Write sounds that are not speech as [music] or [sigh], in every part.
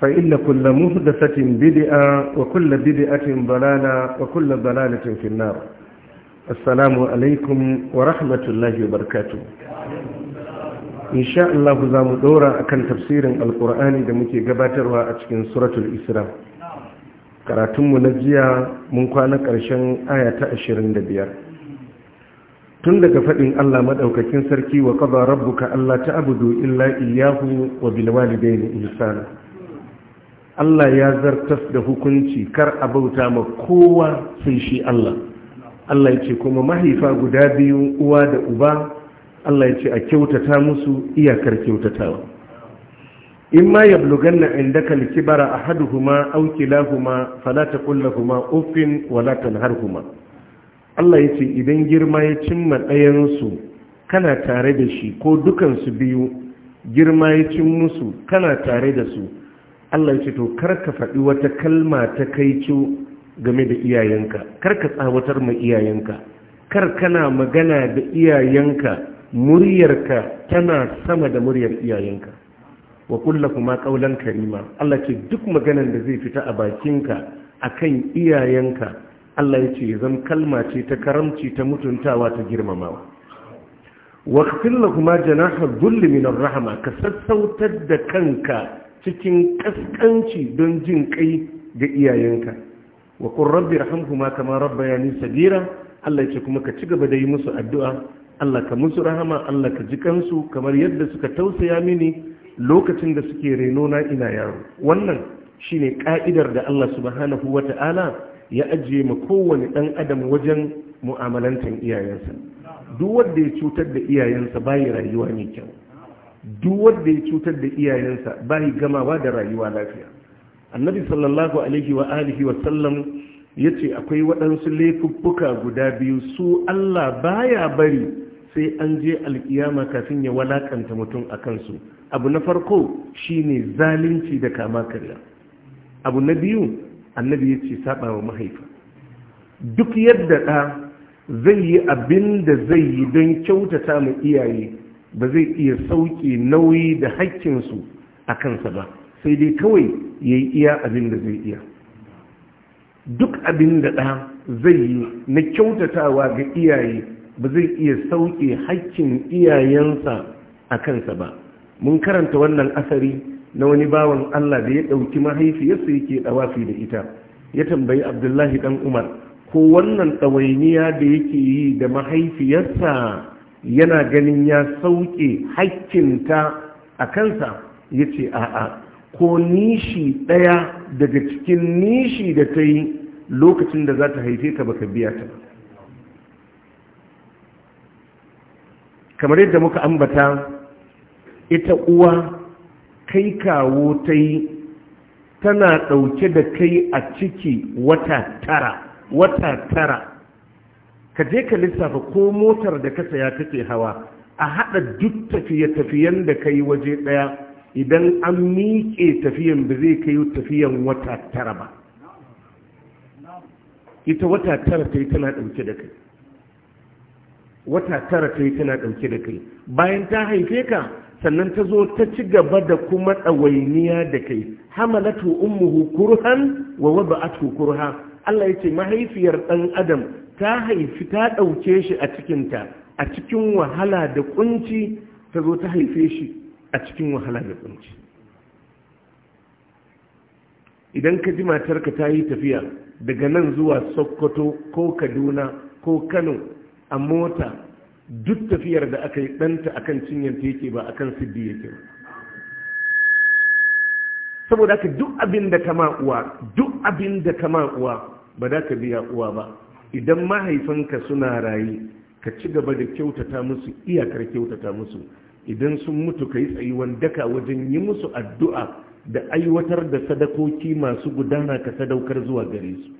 فإن كل مهدسة بدئة وكل بدئة ضلالة وكل ضلالة في النار السلام عليكم ورحمة الله وبركاته إن شاء الله زام دورة أكن تفسير القرآن دمكي قباتر وأتكين سورة الإسراء karatun mu na jiya mun kwana ƙarshen aya ta 25 tun daga faɗin Allah madaukakin sarki wa qada rabbuka alla ta'budu illa iyyahu wa bil walidayni ihsana Allah ya zartas da hukunci kar a bauta ma kowa sai shi Allah Allah ya ce kuma mahaifa guda biyu uwa da uba Allah ya ce a kyautata musu iyakar kyautatawa in ma ya yablughanna indaka likibara ahaduhuma aw kilahuma fala taqul ofin uffin wala tanharhuma Allah ya ce idan girma ya cimma ɗayan su kana tare da shi ko dukansu biyu girma ya cin musu kana tare da su Allah ya ce to kar ka faɗi wata kalma ta kaico game da iyayenka kar ka tsawatar ma iyayenka kar kana magana da iyayenka muryarka tana sama da muryar iyayenka wa kuma qaulan karima Allah ce duk maganar da zai fita a bakinka akan iyayenka Allah ya ce zan kalma ce ta karamci ta mutuntawa ta girmamawa khfil kuma janaha dhulli min rahma ka sassautar da kanka cikin ƙasƙanci don jin ƙai ga iyayenka wa kun rabbi rahamhuma kama rabbayani sabira Allah ce kuma ka ci gaba da yi musu addu'a Allah ka musu rahama Allah ka ji kansu kamar yadda suka tausaya mini lokacin da suke reno na ina yaro wannan shine ka'idar da Allah subhanahu wata'ala ya ajiye ma kowane ɗan adam wajen mu'amalantar iyayensa duk wanda ya cutar da iyayensa bayi rayuwa ne kyau duk wanda ya cutar da iyayensa ba bai gamawa da rayuwa lafiya annabi sallallahu alaihi wa alihi wa sallam yace akwai waɗansu laifuffuka guda biyu su Allah baya bari sai an je alkiyama kafin ya walakanta mutum a kansu abu na farko shine zalunci da kama karya abu na biyu annabi yace saba wa mahaifa duk yadda ɗa zai yi abin da zai yi don kyautata mu iyaye ba zai iya sauki nauyi da haƙƙinsu a kansa ba sai dai kawai ya yi iya abin da zai iya duk abin da ɗa zai yi na kyautatawa ga iyaye ba zai iya sauke haƙƙin iyayensa a kansa ba mun karanta wannan asari na wani bawan Allah da ya ɗauki mahaifiyarsa yake ɗawafi da ita ya tambayi abdullahi ɗan umar ko wannan ɗawainiya da yake yi da mahaifiyarsa yana ganin ya sauke haƙƙinta a kansa ya ce a'a ko nishi ɗaya daga cikin nishi da ta yi lokacin da za ta haife ka baka biya ta kamar yadda muka ambata ita uwa kai kawo ta yi tana ɗauke da kai a ciki wata tara wata tara ka je ka lissafa ko motar da ka saya kake hawa a haɗa duk tafiye-tafiyen da ka yi waje ɗaya idan an miƙe tafiyan ba zai kai tafiyan wata tara ba ita wata tara ta yi tana ɗauke da kai wata tara ta yi tana ɗauke da kai bayan ta haife ka sannan ta zo ta ci gaba da kuma ɗawainiya da kai hamalatu ummuhu kurhan wa wada'atu kurha Allah ya ce mahaifiyar ɗan adam ta haifi ta ɗauke shi a cikinta a cikin wahala da ƙunci ta zo ta haife shi a cikin wahala da kunci idan ka ji matarka ta yi tafiya daga nan zuwa sokoto ko kaduna ko kano a mota duk tafiyar da aka yi ɗanta a kan cinyanta yake ba a kan siddi yake ba saboda haka duk abin da kama uwa duk abin da kama uwa ba da ka biya uwa ba idan mahaifanka suna rayu, ka ci gaba da kyautata musu iyakar kyautata musu idan sun mutu ka yi tsayuwan daka wajen yi musu addu'a da aiwatar da sadakoki masu gudana ka sadaukar zuwa gare su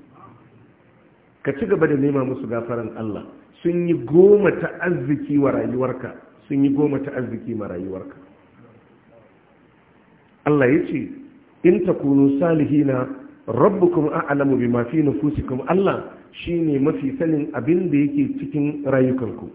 ka ci gaba da nema musu gafaran Allah sun yi goma ta arziki wa rayuwarka sun yi goma ta arziki ma rayuwarka Allah ya ce in takunu salihina rabbukum a'lamu bima fi nufusikum Allah shine mafi sanin abin da yake cikin rayukanku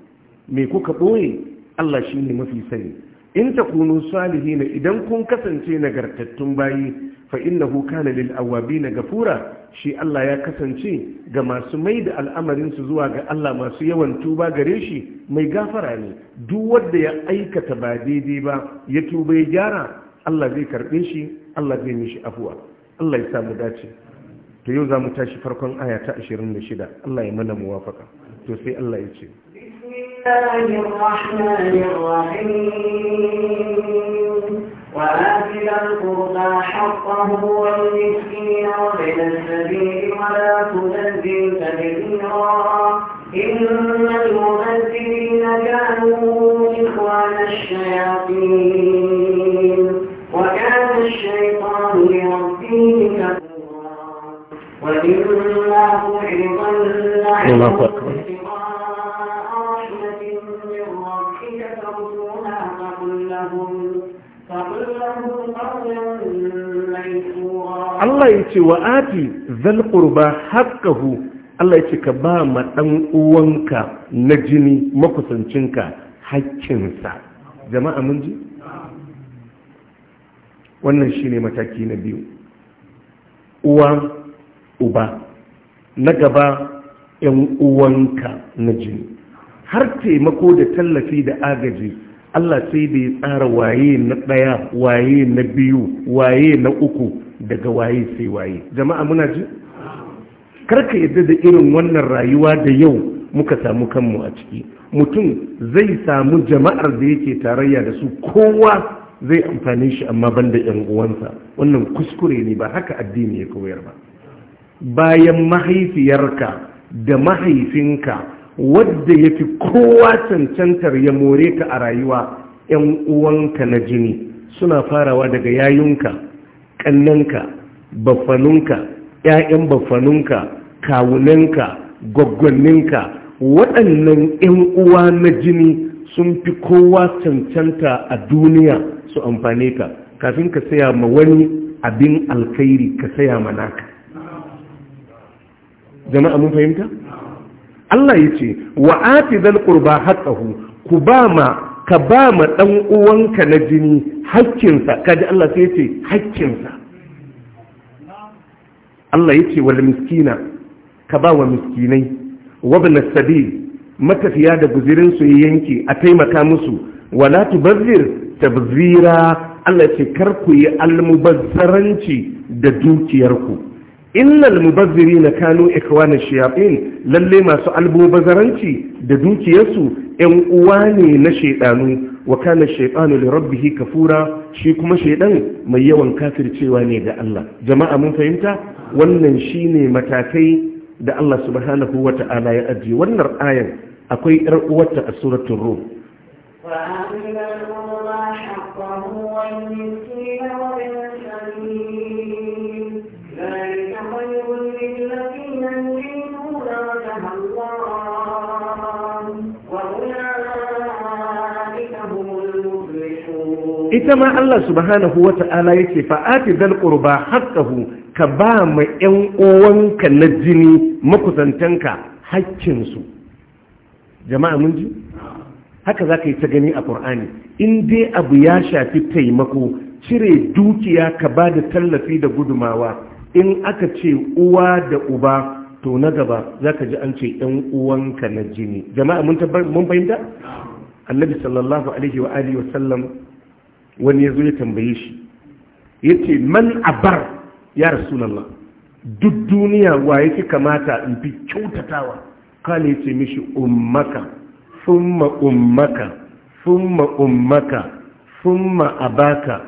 me kuka boye Allah shine mafi sani in takunu salihin idan kun kasance nagartattun bayi fa innahu kana lil awabin gafura shi Allah ya kasance ga masu mai da al'amarin su zuwa ga Allah masu yawan tuba gare shi mai gafara ne duk wanda ya aikata ba daidai ba ya tuba ya gyara Allah zai karbe shi Allah zai mishi afuwa Allah ya samu dace to yau za mu tashi farkon aya ta 26 Allah ya بسم الله الرحمن الرحيم وآتي القربى حقه والمسكين وبين السبيل ولا تنزل تبذيرا إن المنزلين كانوا إخوان الشياطين Allah ya ce wa ati zalƙurba haƙƙahu Allah ya ce ka ba ma ɗan'uwanka na jini makusancinka haƙƙinsa jama'a mun ji? wannan shi ne mataki na biyu uwa uba na gaba ‘yan uwanka na jini har taimako da tallafi da agaji Allah sai da ya tsara waye na ɗaya waye na biyu waye na uku daga waye sai waye jama'a muna ji karka yadda da irin wannan rayuwa da yau muka samu kanmu a ciki mutum zai samu jama'ar da yake tarayya da su kowa zai amfani shi amma banda 'yan uwansa wannan kuskure ne ba haka addini ya koyar ba bayan mahaifiyarka da mahaifinka wadda ya fi kowa cancantar ya more ka a rayuwa 'yan uwanka na jini suna farawa daga yayunka ƙannanka baffanunka 'ya'yan baffanunka kawunanka gwaggwanninka waɗannan 'yan uwa na jini sun fi kowa cancanta a duniya su amfane ka kafin ka saya ma wani abin alkhairi ka saya ma naka jama'a mun fahimta Allah ya ce wa ati zal qurba haqqahu ku ba ma ka ba ma dan uwanka na jini hakkinsa kaji Allah sai ya ce hakkinsa Allah ya ce wal miskina ka ba wa miskinai wabin sabi matafiya da guzirin su yanki a taimaka musu wala tubazzir tabzira Allah ce kar ku yi almubazzaranci da dukiyarku innal na kano ikwana shayatin lalle masu albubazaranci da dukiyarsu 'yan uwa ne na shaidanu, wa kana shaytanu li rabbih kafura shi kuma shaidan mai yawan kafircewa ne ga Allah jama'a mun fahimta wannan shine matakai da Allah subhanahu wa ta'ala ya ajiye wannan ayan akwai yar uwarta a suratul rum ita ma Allah subhanahu wata'ala yake fa'ati dal qurba haqqahu ka ba ma ƴan uwanka na jini makusantanka haƙƙin su jama'a mun ji haka zaka yi ta gani a Qur'ani in dai abu ya shafi taimako cire dukiya ka ba da tallafi da gudumawa in aka ce uwa da uba to na gaba za ji an ce ƴan uwanka na jini jama'a mun fahimta? annabi sallallahu alaihi wa alihi wa sallam wani ya zo ya tambaye shi ya ce man abar ya rasulallah duk duniya wa yake kamata in fi kyautatawa kala ya ce mishi ummaka summa ummaka summa ummaka summa abaka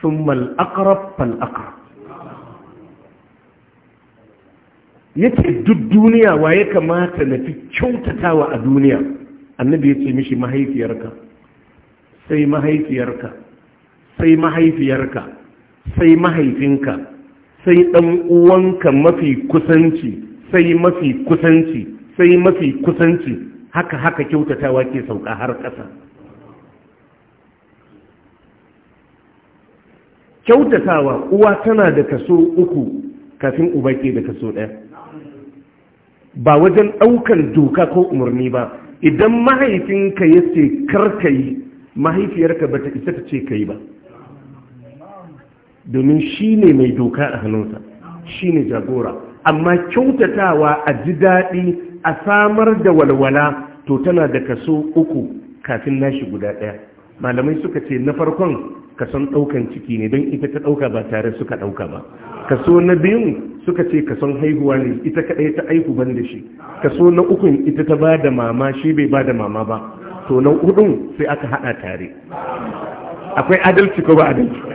summa al'aqrab fal ya yace duk duniya wa ya kamata na fi kyautatawa a duniya annabi ya ce mishi mahaifiyarka sai mahaifiyarka sai mahaifiyarka sai mahaifinka sai ɗan uwanka mafi kusanci sai mafi kusanci sai mafi kusanci haka haka kyautatawa ke sauka har ƙasa kyautatawa uwa tana da kaso uku kafin uba ke da kaso ɗaya ba wajen ɗaukar doka ko umarni ba idan mahaifinka ya ce karkayi mahaifiyarka ba ta isa ta ce ka yi ba domin shi ne mai doka a hannunsa shi ne jagora amma kyautatawa a ji daɗi a samar da walwala to tana da kaso uku kafin nashi guda ɗaya malamai suka ce na farkon kason ɗaukan ciki ne don ita ta ɗauka ba tare suka ɗauka ba kaso na biyun suka ce kason haihuwa ne ita kaɗai ta aihu ban da shi kaso na ukun ita ta ba da mama shi bai ba da mama ba to na hudun sai aka haɗa tare akwai adalci ko ba adalci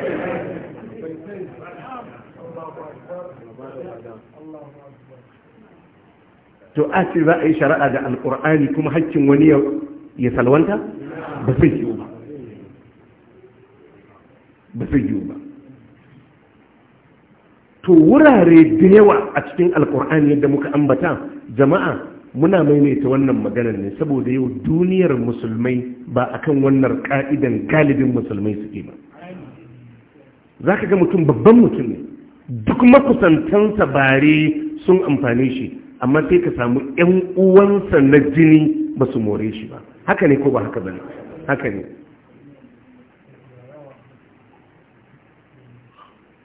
to a ce za a yi shari'a da alkur'ani kuma hakkin wani ya salwanta ba zai yiwu ba ba zai yiwu ba to wurare da yawa a cikin alkur'ani yadda muka ambata jama'a muna maimaita wannan maganar ne saboda yau duniyar musulmai ba akan wannan ka'idan galibin musulmai suke ba za ka ga mutum babban mutum ne duk makusantansa bare sun amfani shi amma sai ka samu ƴan uwansa na jini ba su more shi ba haka ne ko ba haka bane haka ne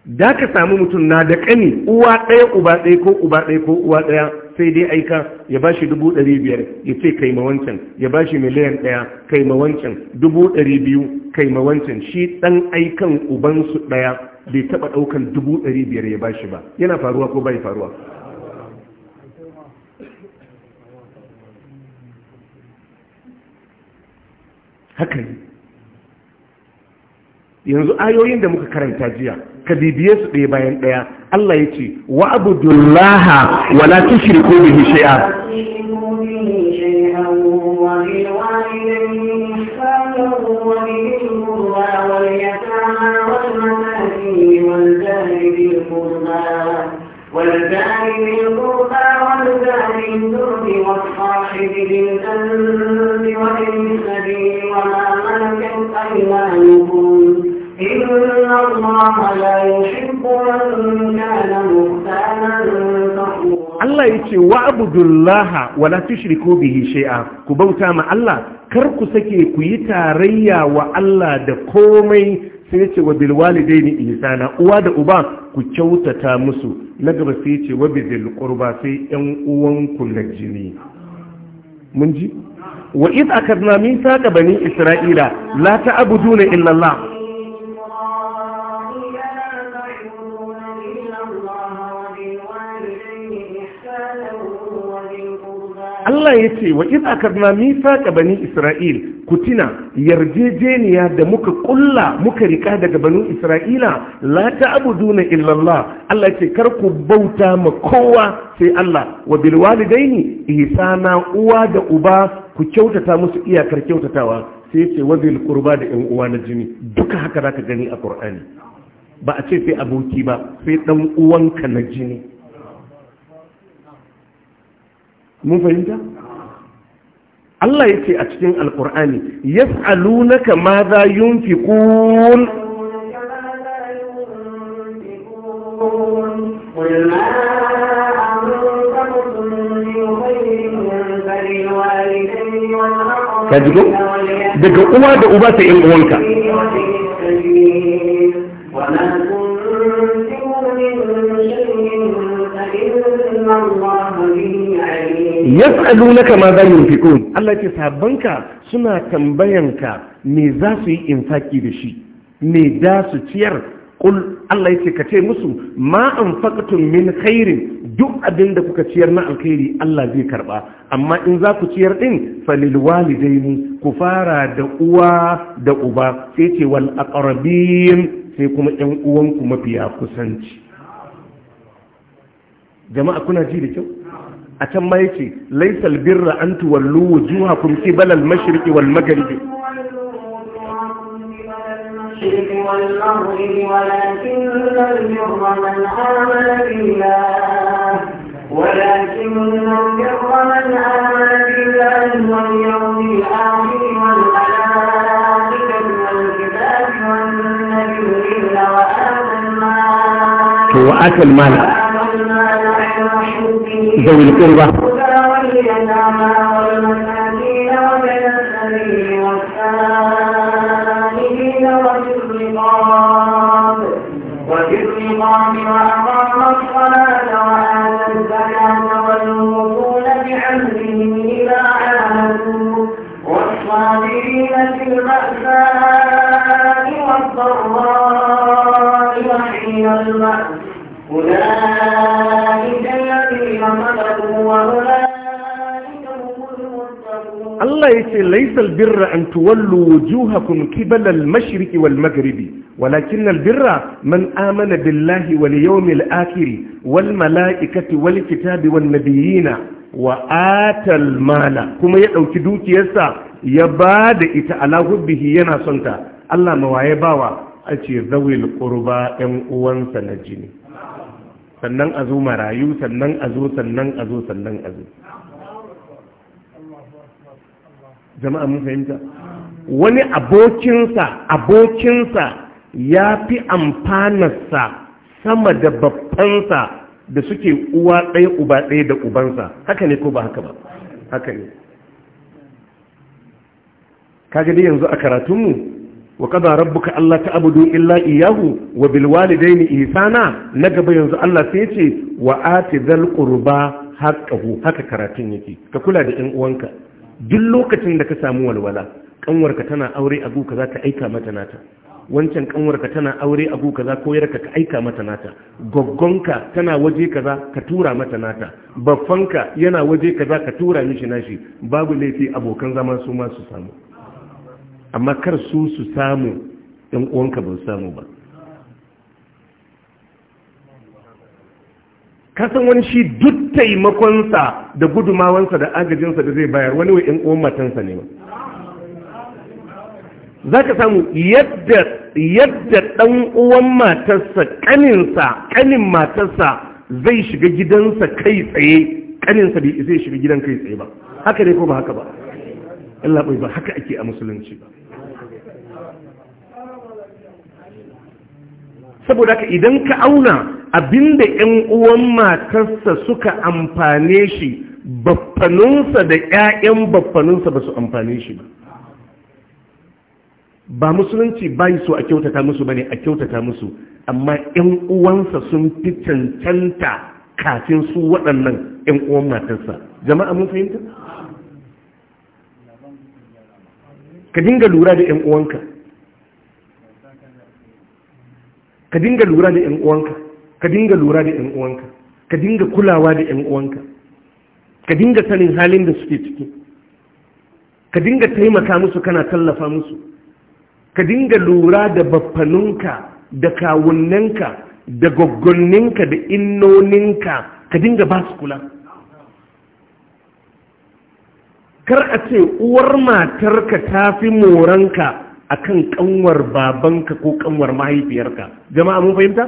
da ka samu mutum na da ƙani uwa ɗaya uba ɗaya ko uba ɗaya ko uwa ɗaya sai dai aika ya ba shi dubu ɗari biyar ya ce kai ma wancan ya ba shi miliyan ɗaya kai ma wancan dubu ɗari biyu kai ma wancan shi ɗan aikan ubansu ɗaya bai taɓa ɗaukan dubu ɗari biyar ya ba shi ba yana faruwa ko bai faruwa haka ne yanzu ayoyin da muka karanta jiya ka bibiye su ɗaya bayan ɗaya Allah ya ce wa abudullaha wa la tushriku bihi shay'a والجانب القربى والبحر الذنب والصاحب بالذنب وإن السبيل وما ملكت أيمانكم إن الله لا يحب من كان مختالا Allah ya ce wa abudullaha wa la tushriku bihi shay'a ku bauta ma Allah kar ku sake ku yi tarayya wa Allah da komai sai ya ce wa bil walidaini ihsana uwa da uba ku kyautata musu na gaba sai ce wa bizil qurba sai yan uwan ku na jini mun ji wa id akadna min saqa bani isra'ila la ta'buduna illa illallah. Allah ya ce wa karna akarna ga bani Isra'il ku tina yarjejeniya da muka kulla muka rika daga bani Isra'ila la ta'buduna illa Allah Allah ce kar ku bauta ma kowa sai Allah wa bil walidaini ihsana uwa da uba ku kyautata musu iyakar kyautatawa sai ce wa bil qurba da in uwa na jini duka haka zaka gani a Qur'ani ba a ce sai aboki ba sai dan uwanka na jini mun fahimta Allah ya ce a cikin alkur'ani yas'alunaka ma za yunfiqun قل ما أنفقتم من خير فللوالدين والأقربين daga uwa da uba ta ‘yan uwanka yas'alunaka ma za yunfiqun Allah ce sabanka suna tambayanka me za su yi infaki da shi me za su ciyar kul Allah yace ka ce musu ma anfaqtum min khairin duk abin da kuka ciyar na alkhairi Allah zai karba amma in za ku ciyar din falil walidaini ku fara da uwa da uba sai ce wal aqrabin sai kuma ƴan uwanku mafiya kusanci jama'a kuna ji da kyau a can ma yace laysal birra an tuwallu wujuhakum qibala al-mashriqi wal maghribi ولكن البر من آمن بالله واليوم الآخر والملائكة والكتاب والنبيين وآتى المال وآتى المال ذوي القربى Allah ya ce laisal birra an tuwallu wujuhakum qibala al-mashriqi wal maghribi walakin al-birra man amana billahi wal yawmil akhir wal malaikati wal kitabi wan nabiyina wa atal mala kuma ya dauki dukiyarsa ya bada ita ala hubbihi yana sonta ta Allah mawaye bawa a ce zawil qurba ɗan uwansa na jini sannan a zo marayu sannan a zo sannan a zo sannan a zo jama'a mun fahimta wani abokinsa abokinsa ya fi amfanarsa sama da babbansa da suke uwa ɗaya uba ɗaya da ubansa haka ne ko ba haka ba haka ne kaga dai yanzu a karatunmu wa qada rabbuka ta abudu illa iyahu wa bil ni ihsana na gaba yanzu Allah sai ce wa ati dhal qurba haqqahu haka karatun yake ka kula da ɗan uwanka duk lokacin da ka samu walwala kanwarka tana aure abu kaza ka aika mata nata wancan kanwarka tana aure abu kaza koyarka ka aika mata nata goggonka tana waje kaza ka tura mata nata baffanka yana waje kaza ka tura mishi nashi babu laifi abokan zaman su ma su samu amma kar su su samu ɗan uwanka ba su samu ba kasan wani shi duk taimakonsa da gudumawansa da agajinsa da zai bayar wani wa'in uwan ne ba za ka samu yadda ɗan uwan matarsa ƙaninsa ƙanin matarsa zai shiga gidansa kai tsaye ƙaninsa zai shiga gidan kai tsaye ba haka ne ko ba haka ba Allah ba haka ake a musulunci ba saboda ka idan ka auna abinda ƴan uwan matarsa suka amfane shi baffaninsa da ƴaƴan baffaninsa ba su amfane shi ba ba musulunci ba yi so a kyautata musu ba ne a kyautata musu amma ƴan uwansa sun fi cancanta kafin su waɗannan ƴan uwan matarsa jama'a mun fahimta ka dinga lura da 'yan uwanka ka dinga lura da 'yan uwanka ka dinga lura da 'yan uwanka ka dinga kulawa da 'yan uwanka ka dinga sanin halin da suke ciki ka dinga taimaka musu kana tallafa musu ka dinga lura da baffaninka da kawunninka da gaggonninka da innoninka ka dinga ba su kula kar a ce uwar matarka ta fi moranka a kan kanwar babanka ko kanwar mahaifiyarka jama'a mun fahimta?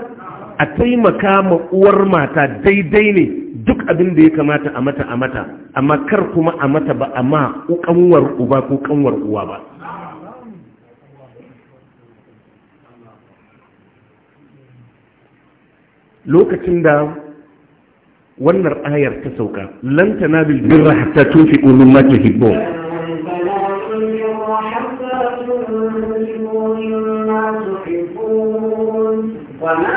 a taimaka ma uwar mata daidai ne duk abin da ya kamata a mata a mata amma kar kuma a mata ba amma kanwar uba ko kanwar uwa ba lokacin da wannan ayar ta sauka lantana bil birra hatta tunfiqu mimma tuhibbun وما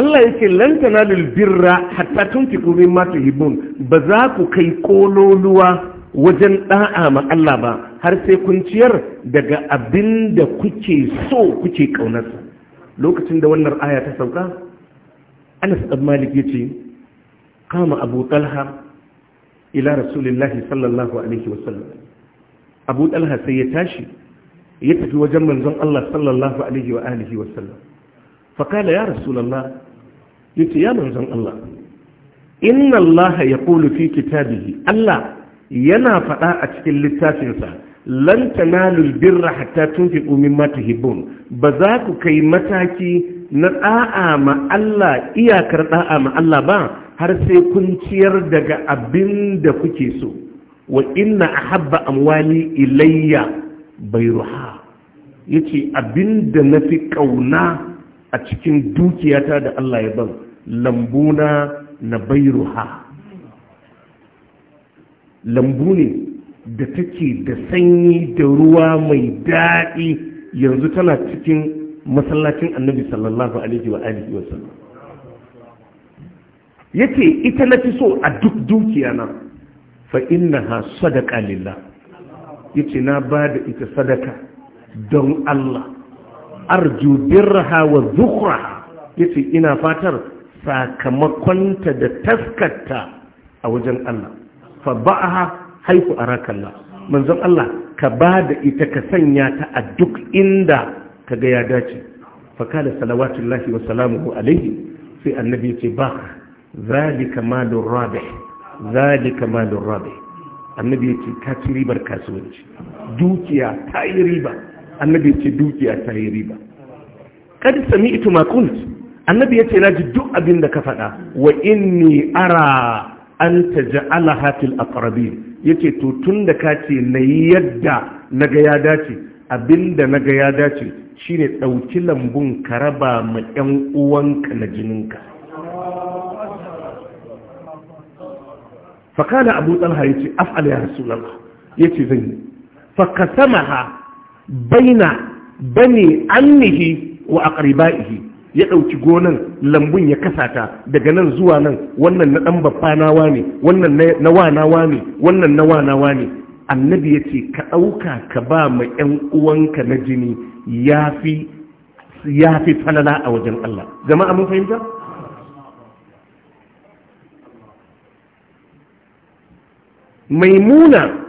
Allah yake lan tanalul birra hatta tun tunfiqu mimma hibun ba za ku kai kololuwa wajen ɗa'a ma Allah ba har sai kun ciyar daga abin da kuke so kuke ƙaunarsa lokacin da wannan aya ta sauka Anas ɗan Malik ce, kama Abu Talha ila rasulullahi sallallahu alaihi wasallam abu dalha sai ya tashi ya tafi wajen manzon Allah sallallahu alaihi wa alihi wa sallam fa kala ya rasulullah yace ya manzon Allah inna Allah ya kulu fi kitabihi Allah yana faɗa a cikin littafinsa lan tanalu birra hatta tunfiqu mimma tuhibbun ba za ku kai mataki na da'a ma Allah iyakar da'a ma Allah ba har sai kun ciyar daga abin da kuke so wa inna ahabba amwali ilayya bayruha yace abinda fi ƙauna a cikin dukiyata da Allah ya ban lambuna na bayruha lambu ne da take da sanyi da ruwa mai daɗi yanzu tana cikin masallacin annabi sallallahu alaihi wa alihi wa yace ita na fi so a duk dukiyana fa innaha sadaqa lillah yace na bada ita sadaka don Allah arju birraha wa dhukraha yace ina fatar sakamakonta da taskarta a wajen Allah fa ba'aha a arakallah manzon Allah ka bada ita ka sanya ta a duk inda ka ga ya dace fa kana salawatullahi wa salamuhu alaihi sai annabi yace ba zalika malur rabih zalika malur rabi annabi ya ce ka ci ribar kasuwanci dukiya ta yi riba annabi ya ce dukiya ta yi riba kad sami'tu ma kunt annabi ya ce na ji duk abin da ka faɗa wa inni ara an taj'alaha fil aqrabin yace to tunda ka ce na yadda naga ya dace abinda naga ya dace shine ɗauki lambun ka raba ma 'yan uwanka na jininka fakala abu talha ya ce af'al ya rasulallah ya ce zan yi fakasamaha baina bane annihi wa aqribaihi ya ɗauki gonan lambun ya kasata daga nan zuwa nan wannan na ɗan babba nawa ne wannan na wanawa ne wannan na wanawa ne annabi ya ce ka ɗauka ka ba ma 'yan uwanka na jini ya fi falala a wajen Allah jama'a mun fahimta? maimuna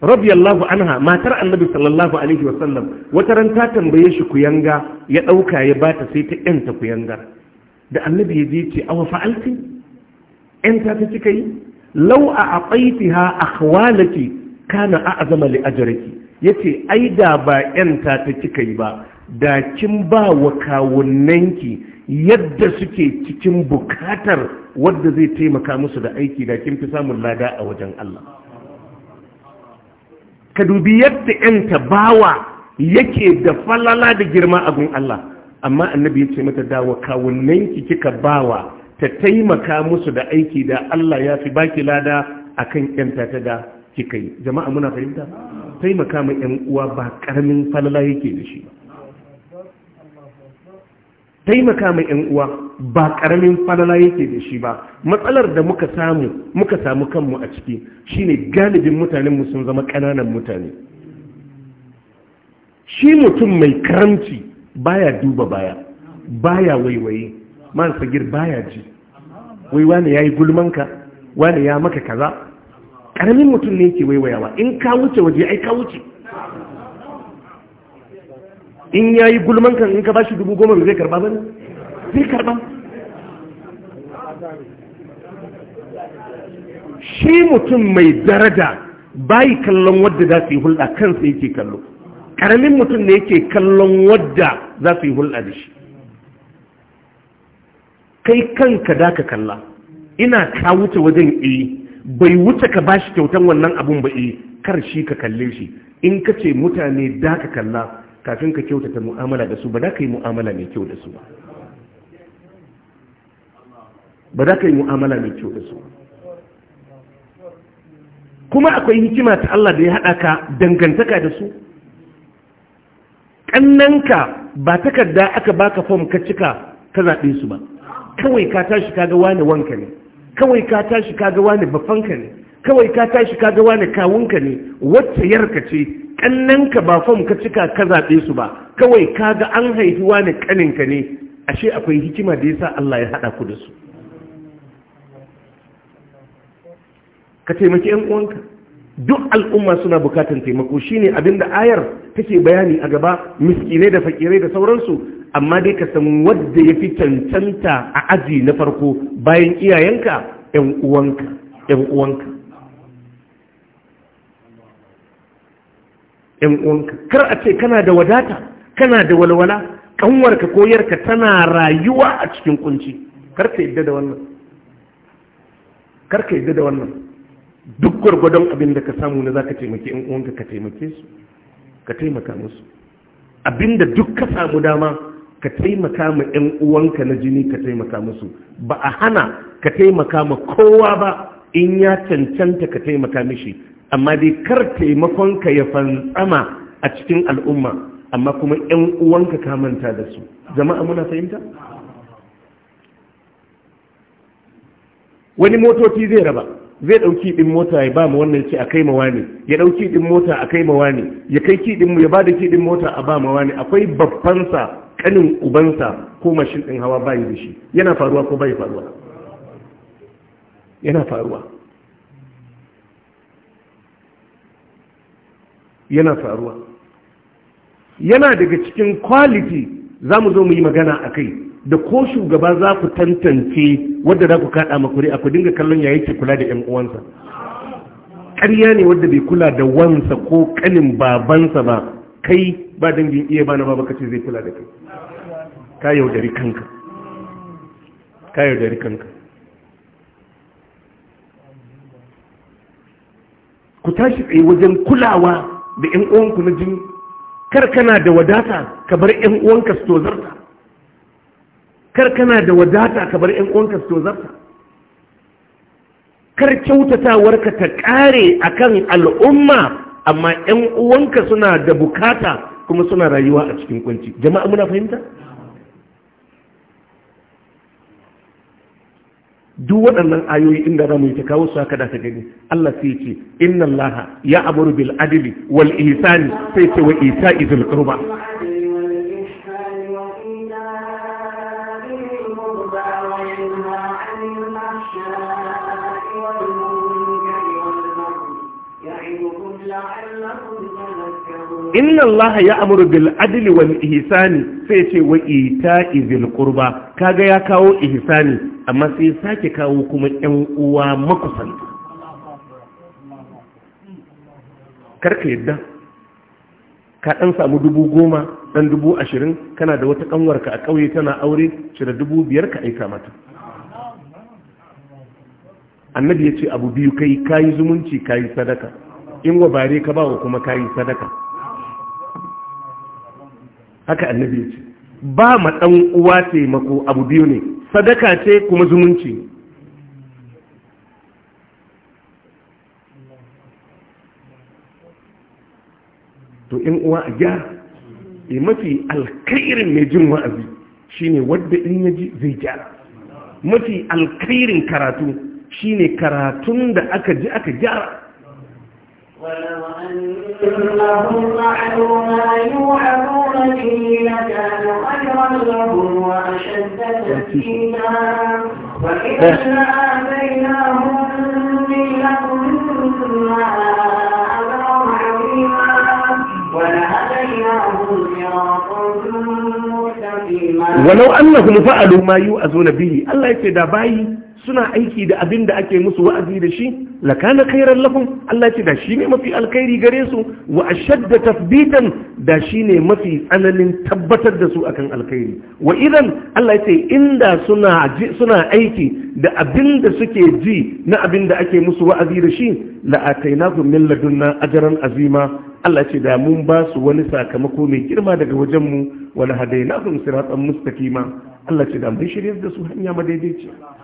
radiyallahu anha matar annabi sallallahu alaihi wasallam wata ran ta tambaye shi kuyanga ya dauka ya bata sai ta yanta kuyanga da annabi ya je ce awa fa'alti yanta ta kika yi law a aqaitiha akhwalaki kana a'zama li ajriki yace ai da ba yanta ta kika yi ba da kin ba wa kawunnanki yadda suke cikin bukatar wadda zai taimaka musu da aiki da kin fi samun lada a wajen Allah ka dubi yadda yanta bawa yake da falala da girma a gun Allah amma annabi ya ce mata dawo ki kika bawa ta taimaka musu da aiki da Allah ya fi baki lada a kan yanta ta da kika yi jama'a muna fahimta taimaka ma yan uwa ba ƙaramin falala yake da shi ba taimaka mai yan uwa ba karamin falala yake da shi ba matsalar da muka samu muka samu kanmu a ciki shine galibin mutanen mu sun zama ƙananan mutane shi mutum mai karamci baya duba baya baya waiwaye man sagir baya ji wai wani yayi gulmanka wani ya maka kaza karamin mutum ne yake waiwayawa in ka wuce waje ai ka wuce in ya yi gulman kan in ka ba shi dubu goma zai karba ne, zai karba shi mutum mai daraja bayi kallon wadda za su yi hulɗa kansa yake kallo ƙaramin mutum ne yake kallon wadda za su yi hulɗa da shi kai kanka da ka kalla ina ka wuce wajen iri eh. bai wuce ka ba shi kyautan wannan abun ba iri eh. kar shi ka kalle shi in ka ce mutane da ka kalla kafin ka kyautata mu'amala da su ba za ka yi mu'amala mai kyau da su ba ba za ka yi mu'amala mai kyau da su kuma akwai hikima ta Allah da ya haɗa ka dangantaka da su ƙannanka ba takarda aka baka fom ka cika ka zaɓe su ba kawai ka tashi kaga wani wanka ne kawai ka tashi kaga wani bafanka ne kawai ka tashi kaga wani kawunka ne wacce yarka ce kannanka ba fam ka cika ka zaɓe su ba kawai kaga an haifi wani kaninka ne ashe akwai hikima da yasa Allah ya haɗa ku da su ka taimaki ƴan uwanka duk al'umma suna bukatan taimako shine abin da ayar take bayani a gaba miskinai da fakirai da sauransu amma dai ka san wadda ya yafi cancanta a aji na farko bayan iyayenka ƴan uwanka uwanka ‘yan uwanka kar a ce kana da wadata kana da walwala kanwarka ko yarka tana rayuwa a cikin kunci kar ka yadda da wannan kar ka yadda da wannan duk gwargwadon abin da ka samu na za ka taimake ‘yan uwanka ka taimake su ka taimaka musu abin da duk ka samu dama ka taimaka ma ‘yan uwanka na jini ka taimaka musu ba a hana ka taimaka ma kowa ba in ya cancanta ka taimaka mishi amma dai kar taimakonka ya fantsama a cikin al'umma amma kuma 'yan uwanka ka manta da su jama'a muna fahimta wani motoci zai raba zai ɗauki ɗin mota ya ba mu wannan ce a kai mawa ne ya ɗauki ɗin mota a kai mawa ne ya kai ɗin mu ya ba da kiɗin mota a ba mawa ne akwai babbansa kanin ubansa ko mashin ɗin hawa bayi da shi yana faruwa ko bai faruwa yana faruwa yana faruwa yana daga cikin kwaliti za mu zo mu yi magana a kai da ko shugaba za ku tantance wadda za ku kaɗa makuri a ku dinga kallon ya ke kula da 'yan uwansa ƙarya ne wadda bai kula da wansa ko kanin babansa ba kai ba dangin iya bana ba baka ce zai kula da kai ka yaudari kanka ka yaudari kanka ku tashi tsaye wajen kulawa da ƴan uwanku na jini kar kana da wadata ka bar ƴan uwanka su tozarta kar kana da wadata ka bar ƴan uwanka su tozarta kar kyautatawarka ta ƙare akan al'umma amma ƴan uwanka suna da bukata kuma suna rayuwa a cikin kwanci jama'a muna fahimta duk waɗannan ayoyi inda za mu yi ta kawo su haka da ta gani Allah sai ce inna Allah ya amuru bil adli wal ihsani sai ce wa isa'i zul qurba inna Allah ya amuru bil adli wal ihsani sai ce wa ita'i bil qurba kaga ya kawo ihsani amma sai sake kawo kuma ƴan uwa makusanta karka yadda ka dan samu dubu goma dan dubu ashirin kana da wata kanwarka a ƙauye tana aure cire dubu biyar ka aika mata annabi ya ce abu biyu kai kayi zumunci kayi sadaka in wa bare ka bawa wa kuma kayi sadaka haka annabi ya ce ba ma ɗan uwa taimako abu biyu ne sadaka ce kuma zumunci to in uwa a gyara e eh, mafi alkairin mai jin wa'azi shine wadda in ya ji zai gyara mafi alkairin karatu shine karatun da aka ji aka gyara wadda أنهم خيرا لهم وأشد تسكينا آتيناهم من لدنا عظيما ولهديناهم صراطا ولو أنهم فعلوا ما يؤذون به الله يكفي باي suna aiki da abin da ake musu wa'azi da shi lakana kairar lakum Allah ce da ne mafi alkhairi gare su wa ashadda tathbitan da ne mafi tsananin tabbatar da su akan alkhairi wa idan Allah ce inda suna suna aiki da abin da suke ji na abin da ake musu wa'azi da shi la atainahum min ladunna ajaran azima Allah ce da mun ba su wani sakamako mai girma daga wajen Wani wa la hadainahum siratan mustaqima Allah ce da mun shiryar da su hanya madaidaiciya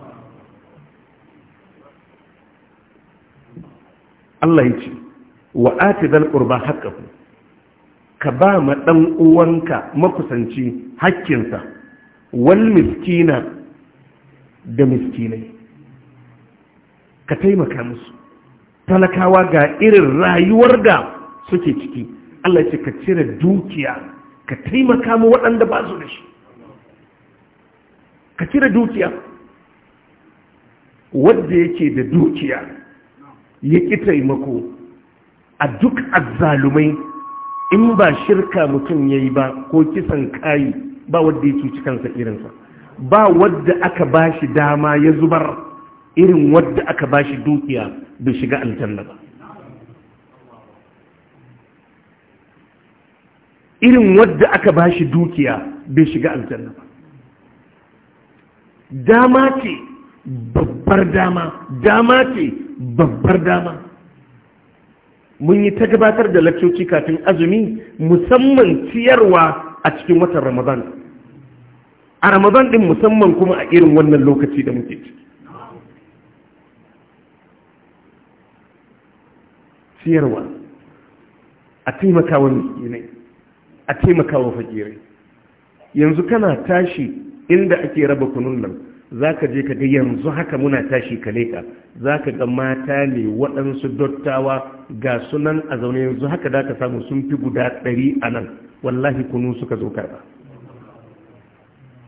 Allah ya ce wa ati zal qurba haqqahu ka ba ma dan uwanka makusanci hakkinsa wal miskina da miskinai ka taimaka musu talakawa ga irin rayuwar da suke ciki Allah ya ce ka cire dukiya ka taimaka mu waɗanda ba su da shi ka cire dukiya wadda yake da dukiya ya ƙi taimako a duk azzalumai in ba shirka mutum ya yi ba ko kisan kayi ba wadda ya cuci kansa irinsa ba wadda aka ba shi dama ya zubar irin wadda aka ba shi dukiya bai shiga aljanna ba irin wadda aka ba shi dukiya bai shiga aljanna ba dama ce babbar dama dama ce babbar dama mun yi ta gabatar da lakcoci kafin azumi musamman ciyarwa a cikin watan ramadan a ramadan din musamman kuma a irin wannan lokaci da muke ciki ciyarwa a taimaka wa miskinai a taimaka wa fakirai yanzu kana tashi inda ake raba kunun nan za ka je ka ga yanzu haka muna tashi kaleka za ka ga mata ne waɗansu dottawa ga sunan a zaune yanzu haka da ka samu sun fi guda ɗari a nan wallahi kunu suka zo karba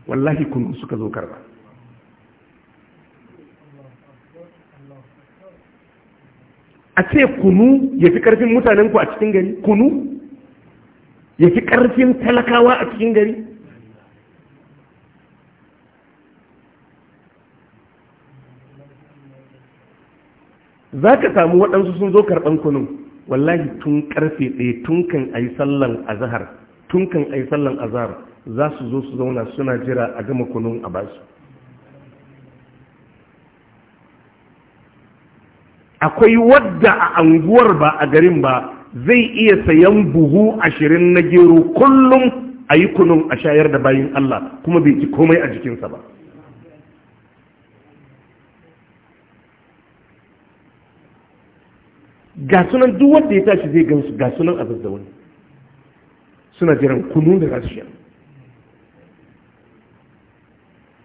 wallahi kunu suka zo karba a ce kunu ya fi ƙarfin mutanenku a cikin gari kunu ya fi ƙarfin talakawa a cikin gari za ka samu waɗansu sun zo karɓan kunun wallahi tun ƙarfe ɗaya tun kan a yi sallan azahar tun kan a yi sallan azahar za su zo su zauna suna jira a gama kunun a basu akwai wadda a anguwar ba a garin ba zai iya sayan buhu ashirin na gero kullum a yi kunun a shayar da bayin Allah kuma bai ji komai a jikinsa ba ga duk wanda ya tashi zai gansu ga sunan a zazzawani suna jiran kunu da rashiya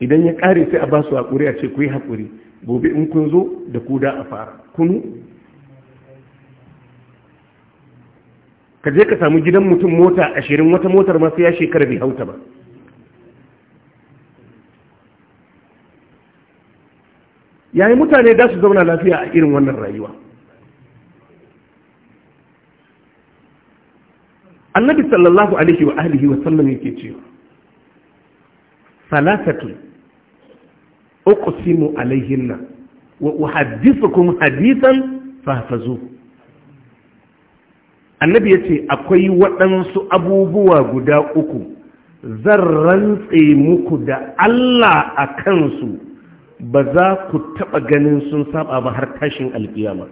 idan ya kare sai a basu su haƙuri a ce ku yi haƙuri gobe in kun zo da ku da a fara kunu ka je ka samu gidan mutum mota ashirin wata motar masu ya shekara bai hauta ba yayi mutane da su zauna lafiya a irin wannan rayuwa annabi sallallahu alaihi wa alihi wa sallam yake cewa salasatu uqsimu alaihinna wa uhaddithukum hadithan fahfazu annabi yace akwai waɗansu abubuwa guda uku zan rantse muku da Allah a kansu ba za ku taɓa ganin sun saba ba har tashin alkiyama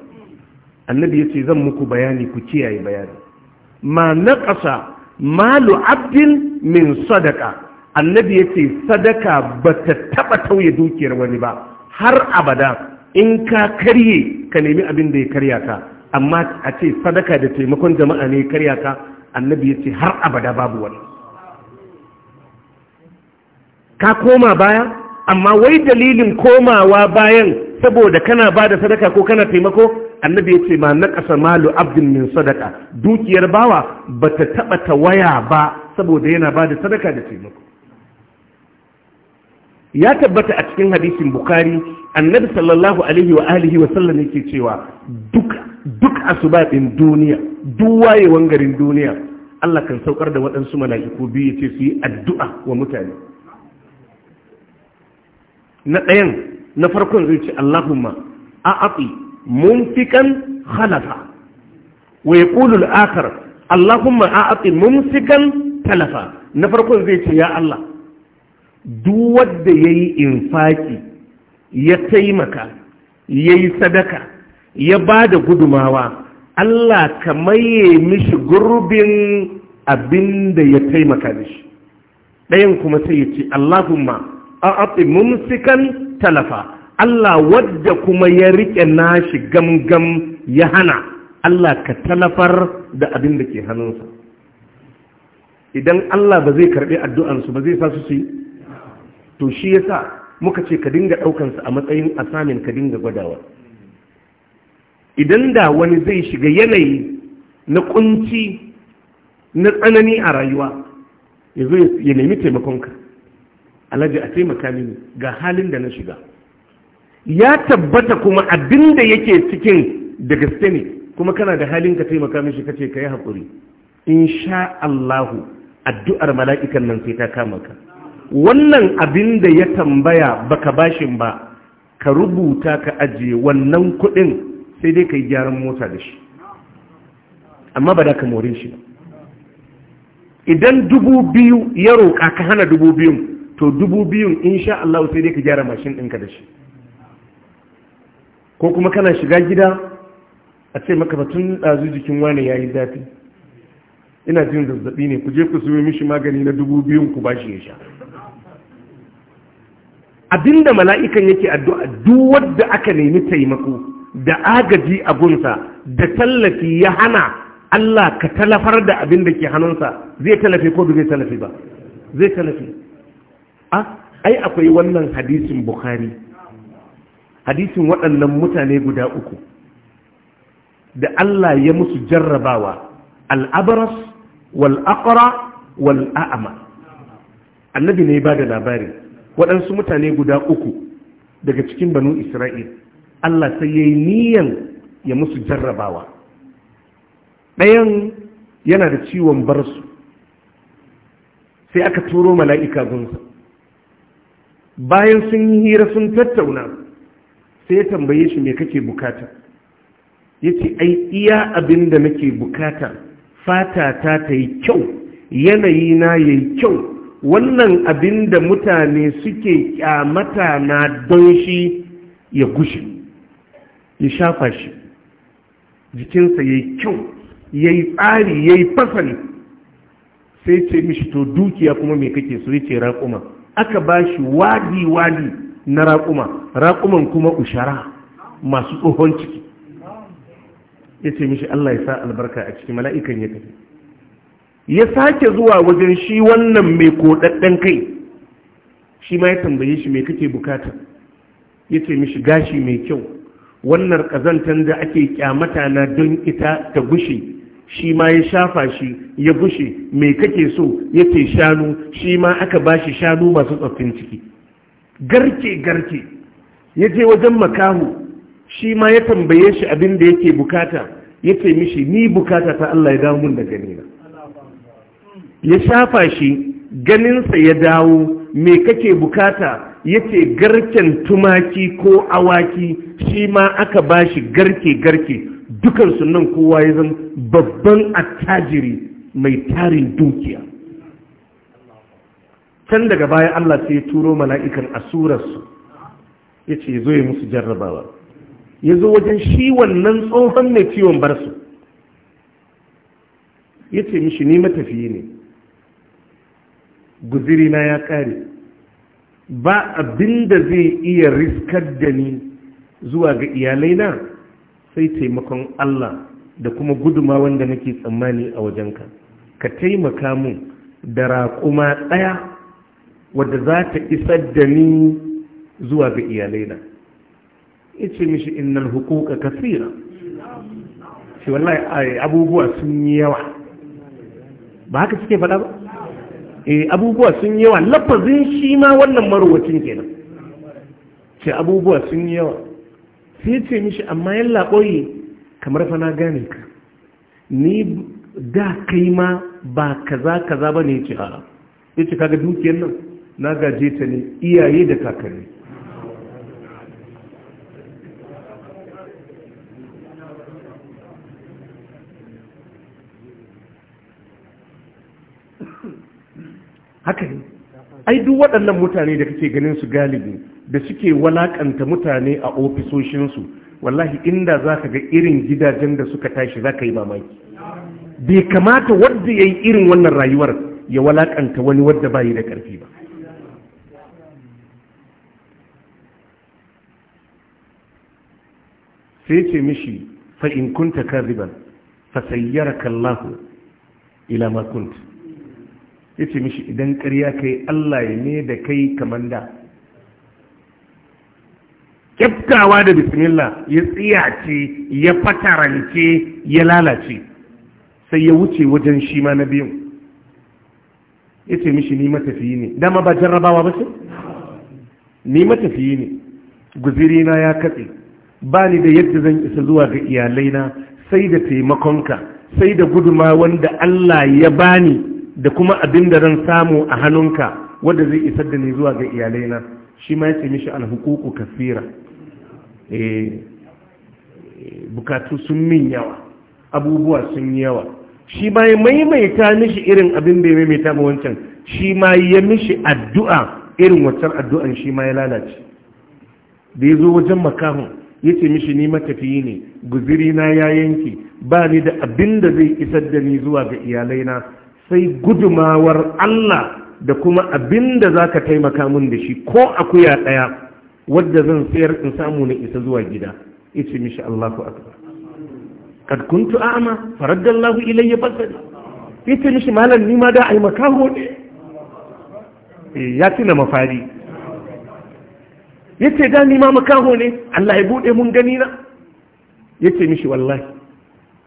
annabi yace zan muku bayani ku kiyaye bayani ma ƙasa malu abdin min sadaka annabi yace sadaka bata taba tauye dukiyar wani ba har abada in ka karye ka nemi abin da ya karya ka amma a ce sadaka da taimakon jama'a ne ya karya ka annabi ce har abada babu wani ka koma baya amma wai dalilin komawa bayan saboda kana ba da sadaka ko kana taimako annabi ya ce ma na ƙasa malu abdin min sadaka dukiyar bawa ba ta taɓa ta waya ba saboda yana ba da sadaka da taimako ya tabbata a cikin hadisin bukari annabi sallallahu alaihi wa alihi wa sallam yake cewa duk duk asubaɗin duniya duk wayewan garin duniya Allah kan saukar da waɗansu mala'iku biyu ya ce su yi addu'a wa mutane na ɗayan na farkon zai ce Allahumma a'afi mumsikan halafa wa yaqulu al-akhar Allahumma a'ti mumsikan talafa na farkon zai ce ya Allah duk wanda yayi infaki ya taimaka yayi sadaka ya ba da gudumawa Allah ka maye mishi gurbin abinda ya taimaka mishi ɗayan kuma sai ya ce Allahumma a'ti mumsikan talafa Allah wadda kuma ya riƙe nashi gamgam ya hana Allah ka talafar da abin da ke hannunsa idan Allah ba zai karɓi addu'ansu ba zai sa su su yi to shi ya sa muka ce ka dinga ɗaukansa a matsayin asamin ka dinga gwadawa idan da wani zai shiga yanayi na kunci na tsanani a rayuwa ya zo ya nemi taimakonka alhaji a taimaka mini ga halin da na shiga ya tabbata kuma abin da yake cikin da gaske ne kuma kana da halin ka taimaka mishi kace kai hakuri insha Allahu addu'ar mala'ikan nan sai ta kama ka wannan abin da ya tambaya baka bashin ba ka rubuta ka ajiye wannan kuɗin sai dai kai gyaran mota da shi amma ba da ka more shi ba idan dubu biyu ya roƙa ka hana dubu biyun to dubu biyun insha Allah sai dai ka gyara mashin ɗinka da shi ko kuma kana shiga gida a ce maka batun ɗazu jikin wane ya yi zafi ina jin zazzaɓi ne ku je ku suyo mishi magani na dubu biyun ku bashi ya sha abinda mala'ikan yake addu'a duk wadda aka nemi taimako da agaji a gunsa da tallafi ya hana Allah ka talafar da abin da ke hannunsa zai talafi ko bai talafi ba zai A ah, ai akwai wannan hadisin bukhari hadisin waɗannan mutane guda uku da Allah ya musu jarrabawa al'abaras wal'akwara, wal'a'ama annabi ne ba da labari waɗansu mutane guda uku daga cikin banu isra'il Allah sai ya yi niyan ya musu jarrabawa ɗayan yana da ciwon barsu sai aka turo mala'ika gunsa bayan sun yi hira sun tattauna sai ya tambaye shi me kake bukata yace ai iya abin da nake bukata fata ta ta yi kyau yanayi na yi kyau wannan abin da mutane suke kyamata na don shi ya gushi ya shafa shi jikinsa ya yi kyau ya yi tsari ya yi fasali sai ce mishi to dukiya kuma mai kake so ya ce raƙuma aka ba shi wadi-wadi na raƙuma raƙuman kuma ushara masu tsohon ciki ya ce mishi Allah ya sa albarka a ciki mala'ikan ya tafi ya sake zuwa wajen shi wannan mai koɗaɗɗen kai shi ma ya tambaye shi mai kake bukata ya ce mishi gashi mai kyau wannan ƙazantar da ake kyamata na don ita ta gushe shi ma ya shafa shi ya gushe mai kake so ya ce shanu shi ma aka ba shi shanu masu tsoffin ciki garke-garke ya je wajen makahu shi ma ya tambaye shi abin da yake bukata ya ce mishi ni bukata ta Allah ya dawo mun da ganina ya shafa shi ganinsa ya dawo me kake bukata ya ce garken tumaki ko awaki shi ma aka ba shi garke-garke dukansu nan kowa ya zan babban attajiri mai tarin dukiya can daga baya Allah sai ya turo mala'ikan asurarsu, su ya ce zo ya musu jarrabawa ya zo wajen shi wannan tsohon mai ciwon barsu ya ce mishi ni matafiye ne guziri na ya kare ba abin da zai iya riskar da ni zuwa ga iyalai na, sai taimakon Allah da kuma guduma wanda nake tsammani a wajenka ka taimaka mun da raƙuma ɗaya wadda za ta isar da ni zuwa ga iyalaina ya ce mishi innal hukuka kasira shi wallahi abubuwa sun yi yawa ba haka suke faɗa ba e abubuwa sun yi yawa lafazin shi ma wannan marowacin kenan ce abubuwa sun yi yawa sai ce mishi amma yan laɓoyi kamar fa na gane ka ni da kai ma ba kaza kaza ba ne ce ha ya ce kaga dukiyar nan na gaje ta ne iyaye da kakanni haka ne ai duk waɗannan mutane da kake ganin su galibi da suke walakanta mutane a ofisoshinsu wallahi inda za ka ga irin gidajen da suka tashi za ka yi mamaki bai kamata wadda ya yi irin wannan rayuwar ya walakanta wani wadda bayi da ƙarfi ba sai ce mishi fa in kunta kaziban fa sayyaraka Allah ila ma kunt yace mishi idan ƙarya kai Allah ya ne da kai kaman da kyaftawa da bismillah ya tsiyace ya fatarance ya lalace sai ya wuce wajen shi ma na biyun yace mishi ni matafiyi ne dama ba jarrabawa ba sai? ni matafiyi ne guzirina ya katse ba ni da yadda zan isa zuwa ga iyalaina sai da taimakonka sai da guduma wanda Allah ya bani da kuma abin da zan samu a hannunka wanda zai isar da ni zuwa ga iyalaina shi ma ya ce mishi alhukuku kasira eh, bukatu sun min yawa abubuwa sun yawa shi ma ya maimaita mishi irin abin da ya maimaita ma wancan shi ma ya mishi addu'a irin waccan addu'an shi ma ya lalace da ya zo wajen makahun ya ce mishi ni matafiyi ne guziri na ya yanki ba ni da abin da zai isar da ni zuwa ga iyalaina sai gudumawar Allah da kuma abin da za ka taimaka min da shi ko akuya ɗaya wadda zan sayar in samu na isa zuwa gida ya ce mishi Allahu akbar kad kuntu a'ma faraddallahu ilayya basari ya ce mishi malam ni ma da ai makaho ne eh, ya tuna mafari ya ce da ni ma makaho ne Allah ya buɗe mun gani na ya ce mishi wallahi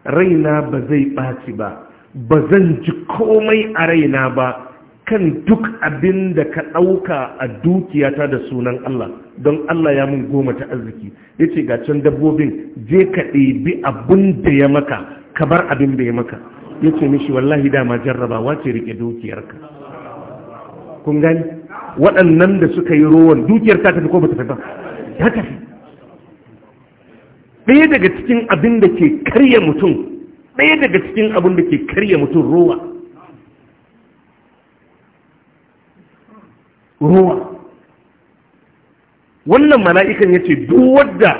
raina ba zai ɓaci ba ba zan ji komai a raina ba kan duk abin da ka ɗauka a dukiyata da sunan Allah don Allah ya mun goma ta arziki ya ce ga can dabbobin je ka ɗebi abin da ya maka ka bar abin da ya maka ya ce mishi wallahi dama jarrabawa ce rike dukiyarka kun gani waɗannan da suka yi rowan dukiyar ta tafi ko ba ta tafi ya tafi ɗaya daga cikin abin da ke karya mutum ɗaya daga cikin abin da ke karya mutum rowa rowa wannan mala'ikan ya ce duk wadda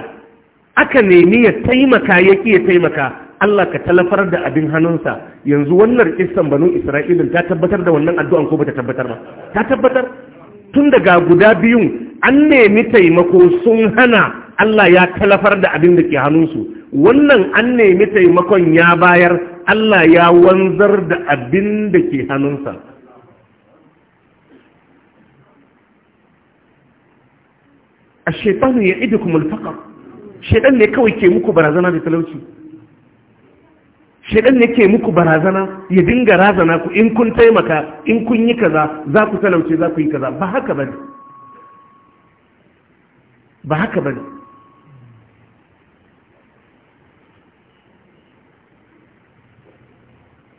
aka nemi ya taimaka ya ya taimaka Allah ka talafar da abin hannunsa yanzu wannan isan banu Isra'ilin ta tabbatar da wannan addu'an ko bata tabbatar ba ta tabbatar tun daga guda biyun an nemi taimako sun hana Allah ya talafar da abin da ke hannunsu wannan an nemi taimakon ya bayar Allah ya wanzar da abin da ke hannunsa a shekaru ya idu kuma alfakar ne kawai ke muku barazana da talauci shaidan yake muku barazana ya dinga razana ku in kun taimaka in kun yi kaza za ku talauce za ku yi kaza ba haka ba ne, ba haka ba ne.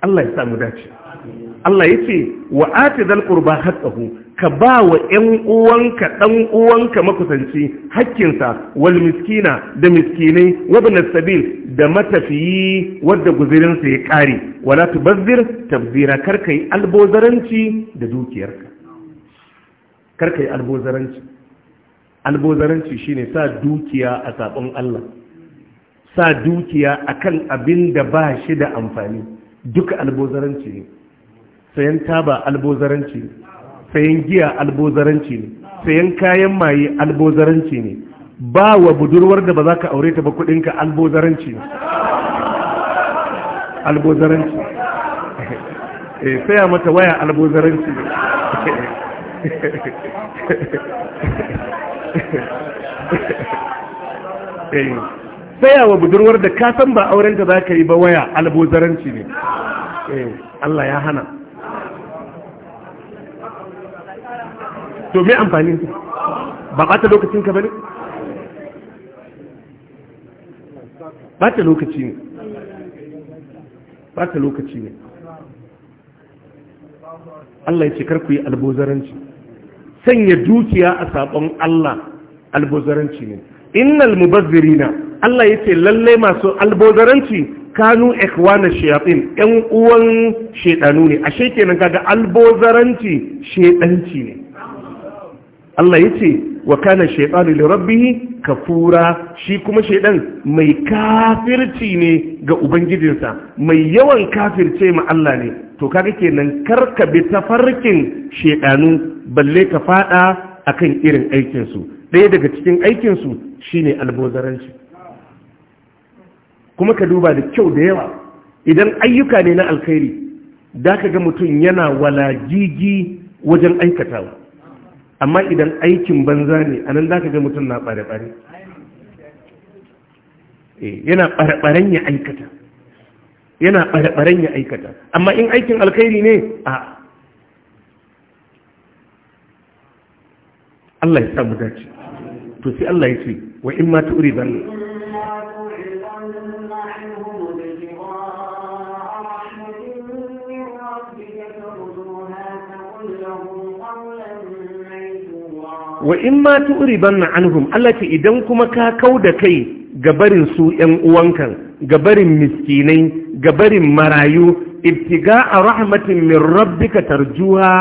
Allah ya samu dace Allah ce wa ati zal qurba haqqahu ka ba wa ‘yan uwanka ɗan uwanka makusanci hakkinsa wal miskina da miskinai wabna sabil da matafiyi wadda guzirinsa ya ƙare wala tubazzir tabzira karka yi albozaranci da dukiyarka karka yi albozaranci albozaranci ne sa dukiya a sabon Allah sa dukiya a kan abin da ba shi da amfani duka albozaranci ne sayan taba albozaranci ne sayan giya albozaranci ne sayan kayan maye albozaranci ne ba wa budurwar da ba za ka aure ta ba kudinka albozaranci ne albozaranci eh saya mata waya albozaranci ne eh, saya wa budurwar da ka san ba aurenta za ka yi ba waya albozaranci ne eh, Allah ya hana to me amfani ba ɓata lokacin ka bane ɓata lokaci ne ɓata lokaci ne Allah ya ce kar ku yi albozaranci sanya dukiya a saɓon Allah albozaranci ne innal mubazzirina Allah ya ce lalle masu albozaranci kanu ikwana shayatin yan uwan shedanu ne ashe kenan kaga albozaranci shedanci ne Allah ya ce wa kana shaitanu li ka kafura shi kuma shaidan mai kafirci ne ga ubangijinsa mai yawan kafirce ma Allah ne to kaga kenan karka bi tafarkin shaidanu balle ka fada akan irin aikinsu ɗaya daga cikin aikinsu su shine albozaranci kuma ka duba da kyau da yawa idan ayyuka ne na alkhairi da ka ga mutum yana walajiji wajen aikatawa amma idan aikin banza ne a nan za ka ga mutum na ɓare-ɓare eh, yana ɓare-ɓaren ya aikata yana ɓare-ɓaren ya aikata amma in aikin alkhairi ne a Allah ya samu dace to sai Allah ya ce wa in ma tu'ridan wa in ma tu'riban anhum Allah ce idan kuma ka kau da kai gabarin su ƴan uwankan gabarin miskinai gabarin marayu a rahmatin min rabbika tarjuha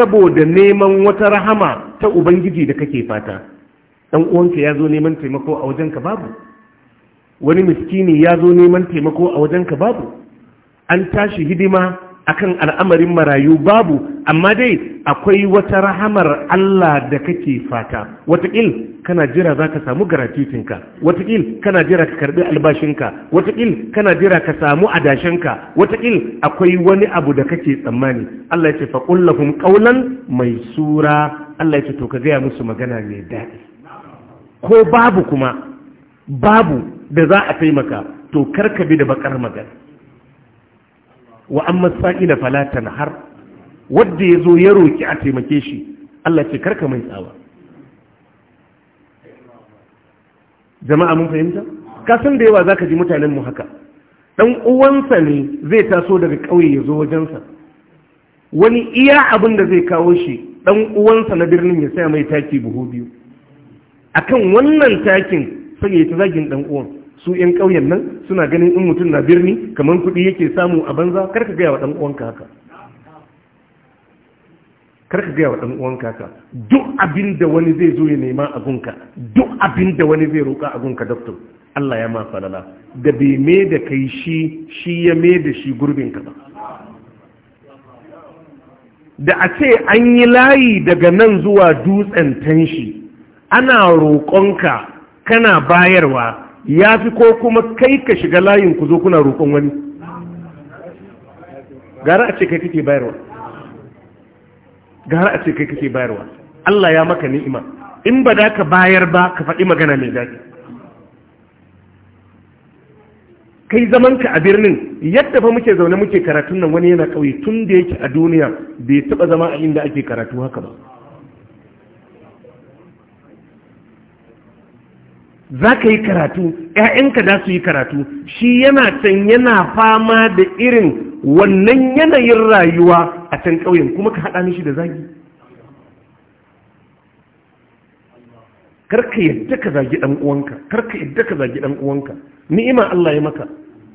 saboda neman wata rahama ta ubangiji da kake fata ɗan uwanka ya zo neman taimako a wajenka babu wani miskini ya zo neman taimako a wajenka babu an tashi hidima akan al'amarin marayu babu amma dai akwai wata rahamar Allah da kake fata watakil kana jira za ka samu garatitinka watakil kana jira ka karbi albashinka watakil kana jira ka samu adashinka watakil akwai wani abu da kake tsammani Allah ya ce faqullahum qawlan mai sura Allah ya ce to ka gaya musu magana mai daɗi ko babu kuma babu da za a taimaka to kar ka bi da bakar magana wa amma sa'ila fala tanhar wanda yazo ya roki a taimake shi Allah ce karka mai tsawa jama'a mun fahimta ka san da yawa zaka ji mutanen mu haka dan uwansa ne zai taso daga ƙauye kauye yazo wajensa wani iya abin da zai kawo shi ɗan uwansa na birnin ya saya mai taki buhu biyu akan wannan takin sai ya ta zagin ɗan uwan su yan ƙauyen nan suna ganin in mutum na birni kamar kuɗi yake samu a banza karka gaya wa ɗan uwanka haka karka gaya wa uwanka haka duk abin da wani zai zo ya nema a gunka duk abin da wani zai roƙa a gunka doktor Allah ya ma falala da bai me da kai shi shi ya me da shi gurbin ka ba da a ce an yi layi daga nan zuwa dutsen tanshi ana roƙonka kana bayarwa ya fi ko kuma kai ka shiga layin ku zo kuna roƙon wani gara a ce kai kake bayarwa gara a ce kai kake bayarwa Allah ya maka ni'ima in ba da ka bayar ba ka faɗi magana mai daɗi kai zamanka a birnin yadda fa muke zaune muke karatun nan wani yana ƙauye tun da yake a duniya bai taɓa zama a inda ake karatu haka ba za ka yi karatu ‘ya'yanka za su yi karatu shi yana can yana fama da irin wannan yanayin rayuwa a can ƙauyen kuma ka haɗa mishi da zagi karka yadda ka zagi ɗan karka yadda ka zagi ɗan uwanka ni'ima Allah ya maka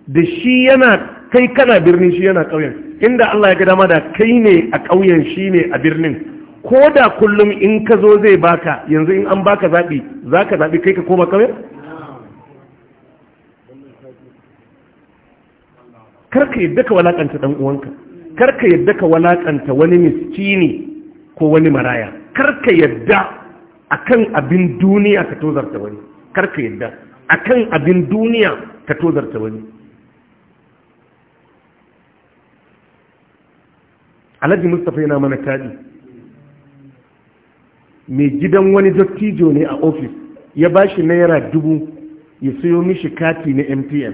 da shi yana kai kana birni shi yana ƙauyen inda Allah ya ga dama da kai ne a ƙauyen shi ne a birnin ko da kullum in ka zo zai baka yanzu in an baka zaɓi za ka zaɓi kai ka koma kawai karka yadda ka walakanta ɗan uwanka karka yadda ka walakanta wani miskini ko wani maraya karka yadda kan abin duniya ka tozarta wani karka yadda kan abin duniya ka tozarta wani alhaji mustapha yana mana taɗi mai gidan wani dattijo ne a ofis ya ba shi naira dubu ya sayo mishi kati na mtn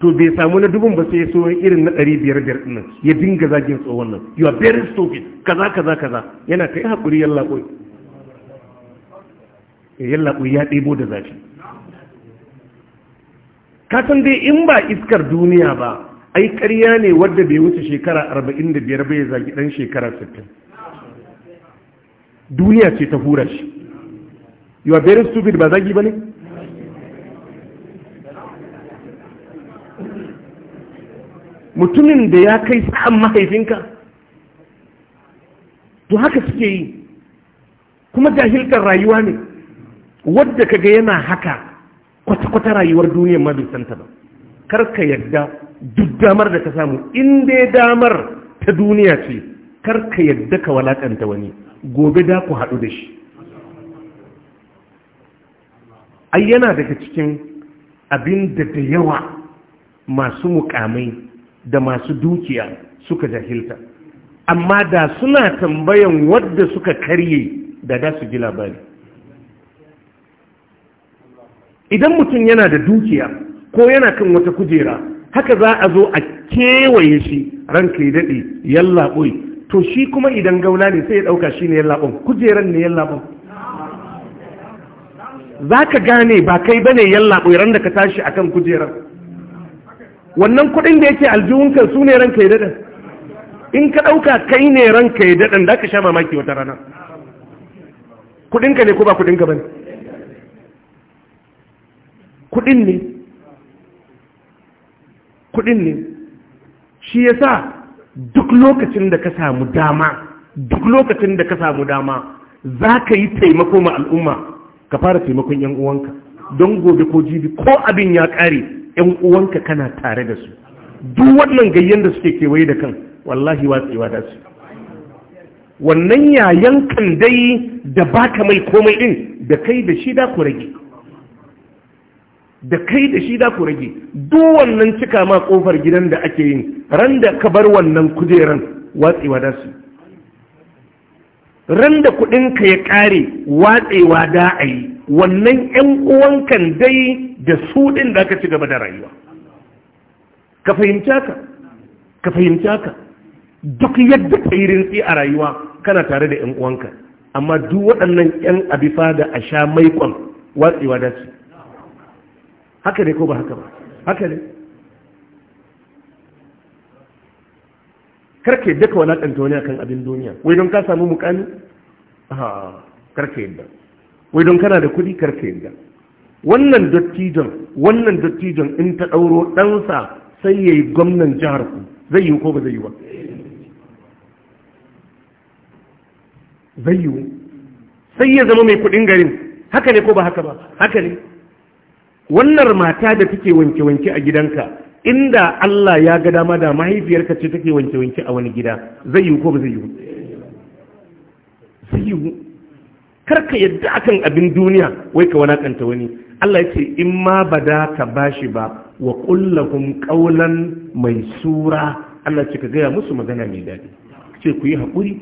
to bai samu na dubun ba sai ya sayo irin na ɗari biyar biyar ɗin ya dinga zagin tsohon nan you are very stupid kaza kaza kaza yana yi haƙuri yalla ƙoi eh, yalla ƙoi ya ɗebo da zafi ka san dai in ba iskar duniya ba ai ƙarya ne wadda bai wuce shekara arba'in da biyar bai zagi ɗan shekara sittin duniya ce ta hura shi you are very stupid ba zagi ba ne mutumin da ya kai sa'an mahaifinka to haka suke yi kuma jahilkar rayuwa ne wadda kaga yana haka kwata-kwata rayuwar duniyar ma bai santa ba karka yadda duk damar da ka samu in damar ta duniya ce kar ka yadda ka walakanta wani gobe da ku haɗu da shi ai yana daga cikin abin da da yawa masu mukamai da masu dukiya suka jahilta amma da suna tambayan wadda suka karye da da su ji labari idan mutum yana da dukiya ko yana kan wata kujera haka za a zo a kewaye shi ranka yi daɗe yalla ɓoyi to shi kuma idan gauna ne sai ya ɗauka shi ne yallaɓin kujeran ne yallaɓin za ka gane ba kai ba ne yallaɓin ran da ka tashi a kan kujeran wannan kuɗin da yake aljihunka su ne ranka ya daɗin in ka ɗauka kai ne ranka ya daɗin da ka sha mamaki wata rana kuɗinka ne ko ba kuɗinka ba ne ne kuɗin ne shi ya sa duk lokacin da ka samu dama duk lokacin da ka samu dama za ka yi taimako ma al'umma ka fara taimakon yan uwanka don gobe ko jibi ko abin ya kare yan uwanka kana tare da su duk wannan gayyan da suke kewaye da kan wallahi watsewa da su wannan yayan kan dai da baka mai komai din da kai da shi da ku rage da kai da shi da ku rage duk wannan cika ma kofar gidan da ake yin ran da ka bar wannan kujeran watsewa da su ran da kuɗinka ya kare watsewa da a wannan 'yan uwankan dai da su ɗin da aka ci gaba da rayuwa ka fahimci haka ka fahimci haka duk yadda yi rintsi a rayuwa kana tare da 'yan uwanka amma duk waɗannan 'yan abifa da a sha maikon watsewa da su haka ne ko ba haka ba haka ne karke yadda wani ɗan duniya akan abin duniya wai don ka samu mukami ha karke yadda wai don kana da kuɗi karke yadda wannan dattijon wannan dattijon in ta ɗauro ɗansa sai ya yi gwamnan jihar ku zai yi ko ba zai yi ba zai yi sai ya zama mai kuɗin garin haka ne ko ba haka ba haka ne wannan mata da take wanke-wanke a gidanka inda Allah ya ga dama da mahaifiyarka ce take wanke-wanke a wani gida zai yi ko ba zai yi zai yi karka yadda akan abin duniya wai ka wanakanta wani Allah ya ce in ma ba da ka bashi ba wa kullakum qawlan mai sura Allah ce ka gaya musu magana mai daɗi ce ku yi haƙuri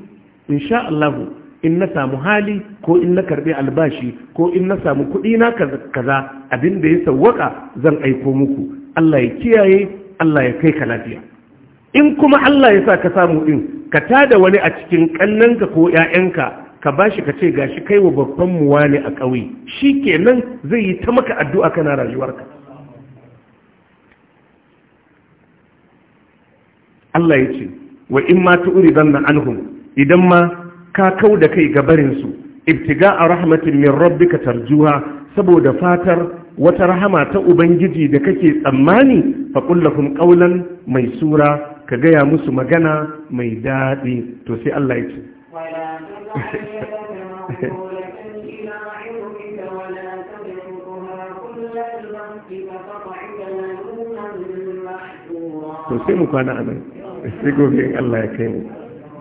insha Allah in na samu hali ko in na karbi albashi ko in na samu kuɗi na kaza abin da ya sauwaka zan aiko muku Allah ya kiyaye Allah ya kai ka lafiya in kuma Allah ya sa ka samu din ka tada wani a cikin kannanka ko ƴaƴanka ka bashi ka ce gashi kai wa babban mu wani a ƙauye shikenan zai yi ta maka addu'a kana rayuwarka Allah ya ce wa in ma tu'ridanna anhum idan ma ka kau da kai gabarinsu ibtiga a rahmatin min rabbika tarjuha saboda fatar wata rahama ta ubangiji da kake tsammani fa kullahum qawlan mai sura ka gaya musu magana mai daɗi to sai Allah ya ce [laughs] to sai mu kwana a nan sai gobe Allah ya kai mu